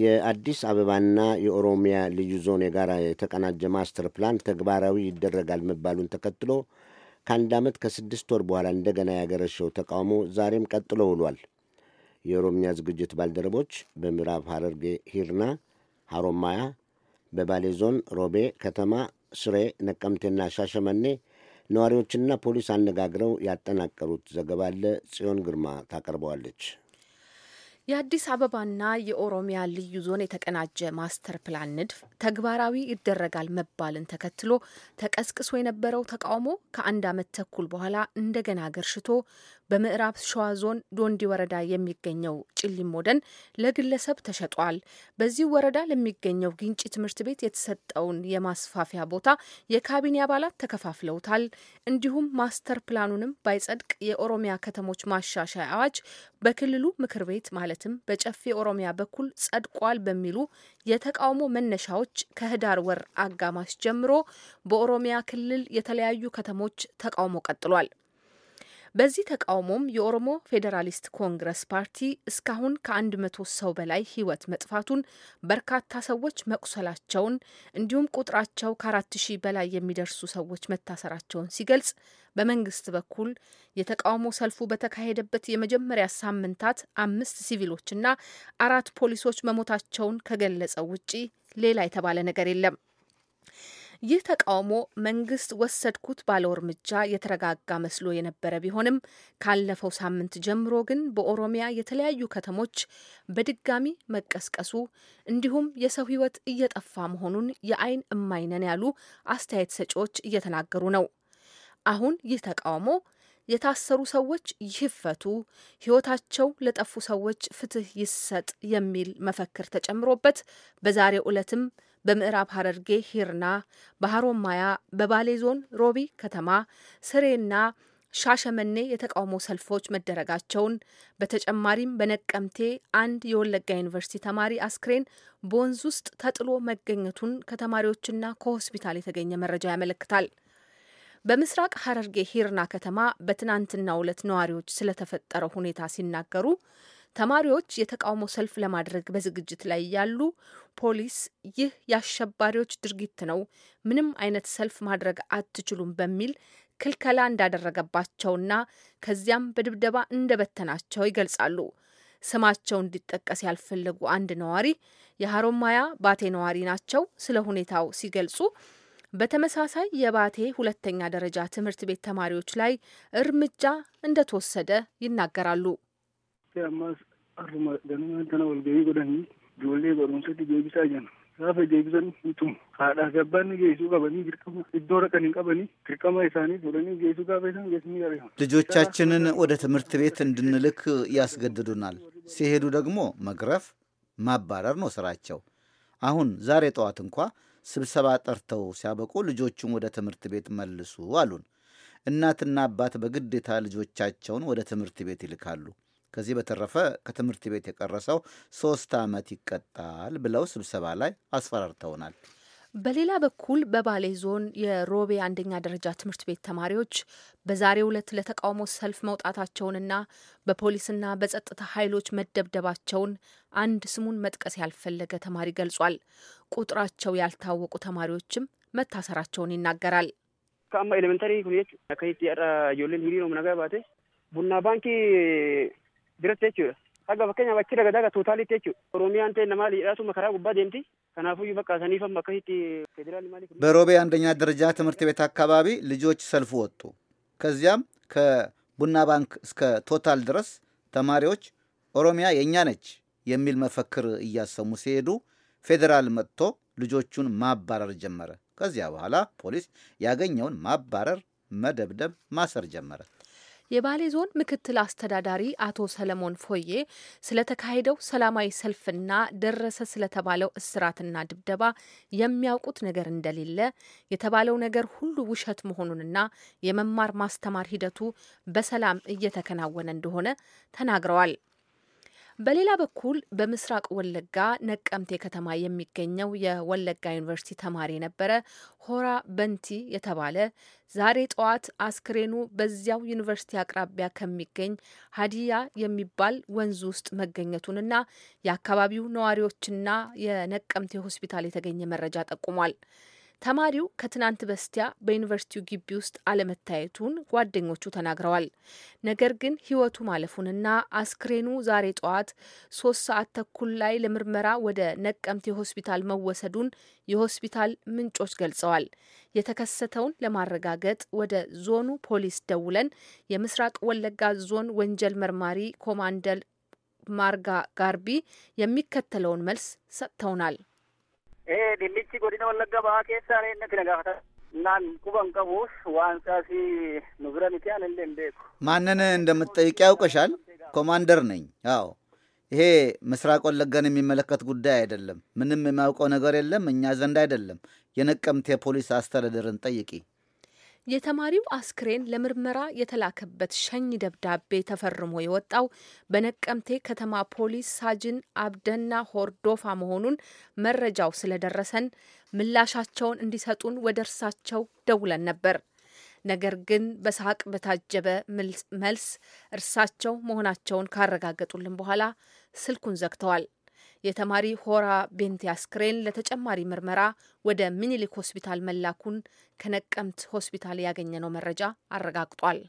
የአዲስ አበባና የኦሮሚያ ልዩ ዞን የጋራ የተቀናጀ ማስተር ፕላን ተግባራዊ ይደረጋል መባሉን ተከትሎ ከአንድ ዓመት ከስድስት ወር በኋላ እንደገና ያገረሸው ተቃውሞ ዛሬም ቀጥሎ ውሏል። የኦሮሚያ ዝግጅት ባልደረቦች በምዕራብ ሐረርጌ ሂርና፣ ሐሮማያ፣ በባሌ ዞን ሮቤ ከተማ፣ ስሬ፣ ነቀምቴና ሻሸመኔ ነዋሪዎችና ፖሊስ አነጋግረው ያጠናቀሩት ዘገባ አለ። ጽዮን ግርማ ታቀርበዋለች። የአዲስ አበባና የኦሮሚያ ልዩ ዞን የተቀናጀ ማስተር ፕላን ንድፍ ተግባራዊ ይደረጋል መባልን ተከትሎ ተቀስቅሶ የነበረው ተቃውሞ ከአንድ ዓመት ተኩል በኋላ እንደገና ገርሽቶ በምዕራብ ሸዋ ዞን ዶንዲ ወረዳ የሚገኘው ጭሊሞ ደን ለግለሰብ ተሸጧል። በዚህ ወረዳ ለሚገኘው ግንጭ ትምህርት ቤት የተሰጠውን የማስፋፊያ ቦታ የካቢኔ አባላት ተከፋፍለውታል። እንዲሁም ማስተር ፕላኑንም ባይጸድቅ የኦሮሚያ ከተሞች ማሻሻያ አዋጅ በክልሉ ምክር ቤት ማለትም በጨፌ ኦሮሚያ በኩል ጸድቋል በሚሉ የተቃውሞ መነሻዎች ከህዳር ወር አጋማሽ ጀምሮ በኦሮሚያ ክልል የተለያዩ ከተሞች ተቃውሞ ቀጥሏል። በዚህ ተቃውሞም የኦሮሞ ፌዴራሊስት ኮንግረስ ፓርቲ እስካሁን ከአንድ መቶ ሰው በላይ ህይወት መጥፋቱን፣ በርካታ ሰዎች መቁሰላቸውን እንዲሁም ቁጥራቸው ከአራት ሺህ በላይ የሚደርሱ ሰዎች መታሰራቸውን ሲገልጽ በመንግስት በኩል የተቃውሞ ሰልፉ በተካሄደበት የመጀመሪያ ሳምንታት አምስት ሲቪሎችና አራት ፖሊሶች መሞታቸውን ከገለጸው ውጪ ሌላ የተባለ ነገር የለም። ይህ ተቃውሞ መንግስት ወሰድኩት ባለው እርምጃ የተረጋጋ መስሎ የነበረ ቢሆንም ካለፈው ሳምንት ጀምሮ ግን በኦሮሚያ የተለያዩ ከተሞች በድጋሚ መቀስቀሱ እንዲሁም የሰው ሕይወት እየጠፋ መሆኑን የአይን እማይነን ያሉ አስተያየት ሰጪዎች እየተናገሩ ነው። አሁን ይህ ተቃውሞ የታሰሩ ሰዎች ይፈቱ፣ ህይወታቸው ለጠፉ ሰዎች ፍትህ ይሰጥ የሚል መፈክር ተጨምሮበት በዛሬው ዕለትም በምዕራብ ሐረርጌ ሂርና፣ በሀሮማያ፣ በባሌ ዞን ሮቢ ከተማ፣ ስሬና ሻሸመኔ የተቃውሞ ሰልፎች መደረጋቸውን በተጨማሪም በነቀምቴ አንድ የወለጋ ዩኒቨርሲቲ ተማሪ አስክሬን በወንዝ ውስጥ ተጥሎ መገኘቱን ከተማሪዎችና ከሆስፒታል የተገኘ መረጃ ያመለክታል። በምስራቅ ሐረርጌ ሂርና ከተማ በትናንትናው ዕለት ነዋሪዎች ስለተፈጠረው ሁኔታ ሲናገሩ ተማሪዎች የተቃውሞ ሰልፍ ለማድረግ በዝግጅት ላይ ያሉ ፖሊስ ይህ የአሸባሪዎች ድርጊት ነው፣ ምንም አይነት ሰልፍ ማድረግ አትችሉም በሚል ክልከላ እንዳደረገባቸውና ከዚያም በድብደባ እንደበተናቸው ይገልጻሉ። ስማቸው እንዲጠቀስ ያልፈለጉ አንድ ነዋሪ የሀሮማያ ባቴ ነዋሪ ናቸው። ስለ ሁኔታው ሲገልጹ በተመሳሳይ የባቴ ሁለተኛ ደረጃ ትምህርት ቤት ተማሪዎች ላይ እርምጃ እንደተወሰደ ይናገራሉ። ni Sai amma haruma ganuma tana walgayii godhanii ijoollee barumsatti deebisaa jiran. Gaafa deebisan utuma. Haadhaa fi abbaan geessuu qabanii dirqama iddoo dhaqan hin qabanii dirqama isaanii fuudhanii geessuu gaafa isaan geessanii gara ልጆቻችንን ወደ ትምህርት ቤት እንድንልክ ያስገድዱናል። ሲሄዱ ደግሞ መግረፍ፣ ማባረር ነው ስራቸው። አሁን ዛሬ ጠዋት እንኳ ስብሰባ ጠርተው ሲያበቁ ልጆቹን ወደ ትምህርት ቤት መልሱ አሉን። እናትና አባት በግዴታ ልጆቻቸውን ወደ ትምህርት ቤት ይልካሉ። ከዚህ በተረፈ ከትምህርት ቤት የቀረሰው ሶስት ዓመት ይቀጣል ብለው ስብሰባ ላይ አስፈራርተውናል። በሌላ በኩል በባሌ ዞን የሮቤ አንደኛ ደረጃ ትምህርት ቤት ተማሪዎች በዛሬው ዕለት ለተቃውሞ ሰልፍ መውጣታቸውንና በፖሊስና በጸጥታ ኃይሎች መደብደባቸውን አንድ ስሙን መጥቀስ ያልፈለገ ተማሪ ገልጿል። ቁጥራቸው ያልታወቁ ተማሪዎችም መታሰራቸውን ይናገራል። ከአማ ኤሌመንታሪ ኩኔት ከኢትዮጵያ ጆሌን ሂሪ ነው ነገ ቡና ባንኪ biratti jechuudha. Akka fakkeenya achi dagadaga tootaalitti jechuudha. Oromiyaan ta'e namaa liidhaatu makaraa gubbaa deemti. Kanaafuu በቃ አካሂድ ፌዴራል በሮቤ አንደኛ ደረጃ ትምህርት ቤት አካባቢ ልጆች ሰልፍ ወጡ። ከዚያም ከቡና ባንክ እስከ ቶታል ድረስ ተማሪዎች ኦሮሚያ የእኛ ነች የሚል መፈክር እያሰሙ ሲሄዱ ፌዴራል መጥቶ ልጆቹን ማባረር ጀመረ። ከዚያ በኋላ ፖሊስ ያገኘውን ማባረር፣ መደብደብ፣ ማሰር ጀመረ። የባሌ ዞን ምክትል አስተዳዳሪ አቶ ሰለሞን ፎዬ ስለተካሄደው ሰላማዊ ሰልፍና ደረሰ ስለተባለው እስራትና ድብደባ የሚያውቁት ነገር እንደሌለ የተባለው ነገር ሁሉ ውሸት መሆኑንና የመማር ማስተማር ሂደቱ በሰላም እየተከናወነ እንደሆነ ተናግረዋል። በሌላ በኩል በምስራቅ ወለጋ ነቀምቴ ከተማ የሚገኘው የወለጋ ዩኒቨርሲቲ ተማሪ የነበረ ሆራ በንቲ የተባለ ዛሬ ጠዋት አስክሬኑ በዚያው ዩኒቨርሲቲ አቅራቢያ ከሚገኝ ሀዲያ የሚባል ወንዝ ውስጥ መገኘቱንና የአካባቢው ነዋሪዎችና የነቀምቴ ሆስፒታል የተገኘ መረጃ ጠቁሟል። ተማሪው ከትናንት በስቲያ በዩኒቨርሲቲው ግቢ ውስጥ አለመታየቱን ጓደኞቹ ተናግረዋል። ነገር ግን ሕይወቱ ማለፉንና አስክሬኑ ዛሬ ጠዋት ሶስት ሰዓት ተኩል ላይ ለምርመራ ወደ ነቀምቴ ሆስፒታል መወሰዱን የሆስፒታል ምንጮች ገልጸዋል። የተከሰተውን ለማረጋገጥ ወደ ዞኑ ፖሊስ ደውለን የምስራቅ ወለጋ ዞን ወንጀል መርማሪ ኮማንደር ማርጋ ጋርቢ የሚከተለውን መልስ ሰጥተውናል። ee dillichi godina wallagabaa keessaa inni itti nagaafata እናን ቁበን ቀቡስ ዋንሳ ሲ ንብረን ቲያን እንደንቤኩ ማንን እንደምትጠይቅ ያውቀሻል። ኮማንደር ነኝ። አዎ ይሄ ምስራቅ ወለጋን የሚመለከት ጉዳይ አይደለም። ምንም የማያውቀው ነገር የለም። እኛ ዘንድ አይደለም። የነቀምቴ ፖሊስ አስተዳደርን ጠይቂ። የተማሪው አስክሬን ለምርመራ የተላከበት ሸኝ ደብዳቤ ተፈርሞ የወጣው በነቀምቴ ከተማ ፖሊስ ሳጅን አብደና ሆርዶፋ መሆኑን መረጃው ስለደረሰን ምላሻቸውን እንዲሰጡን ወደ እርሳቸው ደውለን ነበር። ነገር ግን በሳቅ በታጀበ መልስ እርሳቸው መሆናቸውን ካረጋገጡልን በኋላ ስልኩን ዘግተዋል። የተማሪ ሆራ ቤንቲ አስክሬን ለተጨማሪ ምርመራ ወደ ሚኒሊክ ሆስፒታል መላኩን ከነቀምት ሆስፒታል ያገኘነው መረጃ አረጋግጧል።